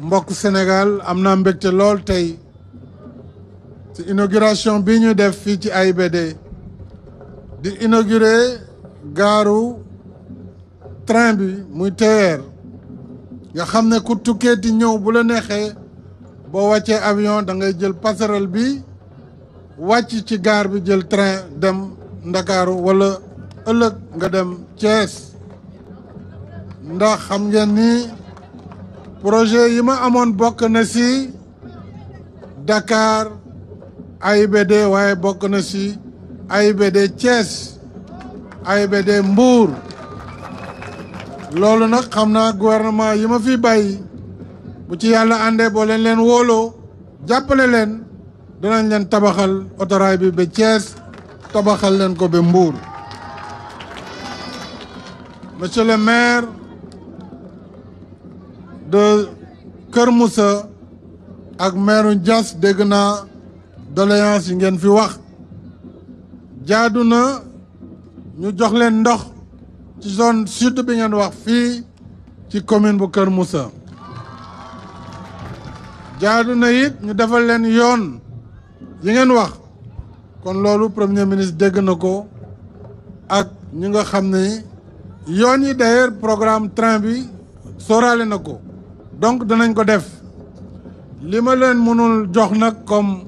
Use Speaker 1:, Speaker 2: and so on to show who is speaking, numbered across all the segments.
Speaker 1: mbok Sénégal amna naa lol tay ci inauguration bi ñu def ci AIBD di inaugurer garu train bi muy TER nga xam ku tukkee di ñëw bu la nexé bo wàccee avion da ngay jël passerelle bi wacc ci gar bi jël train dem Ndakaaru wala ëllëg nga dem Thiès ndax xam ngeen ni projet yi ma amoon bokk na ci Dakar AIBD waye bokk na ci AIBD Thiès AIBD Mbour Lolo nak xamna gouvernement yi ma fi bayyi bu ci yalla andé boo len leen wóoloo jàppale leen danañ len tabaxal autoray bi be Thiès tabaxal ko Mbour monsieur le maire de Kër Moussa ak meeru Diass dégg naa doléance yi ngeen fi wax jaadu na ñu jox leen ndox ci zone sud bi ngeen wax fii ci commune bu Kër Moussa jaadu na it ñu defal leen yoon yi ngeen wax kon loolu premier ministre dégg na ko ak ñi nga xam ne yoon yi d'ailleurs programme train bi sóoraale na ko donc danañ ko def li ma leen mënul jox nag comme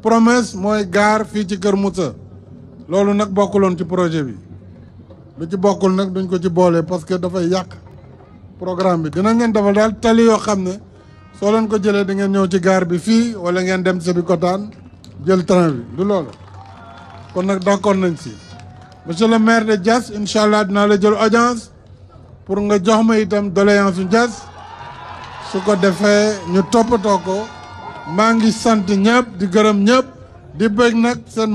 Speaker 1: promesse mooy gaar fii ci Kër Moussa loolu nag bokkuloon ci projet bi lu ci bokkul nag duñ ko ci boole parce que dafay yàq programme bi dina ngeen defal daal tali yoo xam ne soo leen ko jëlee da ngeen ñëw ci gaar bi fii wala ngeen dem Sébikotane jël train bi du loolu kon nag d'accord nañ si monsieur le maire de Diass incha allah dinaa la jël audience pour nga jox ma itam doléance su Diass su ko defee ñu toppatoo ko maa ngi sant ñëpp di gërëm ñëpp di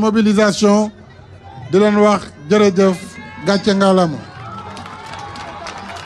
Speaker 1: mobilisation de leen wax jërëjëf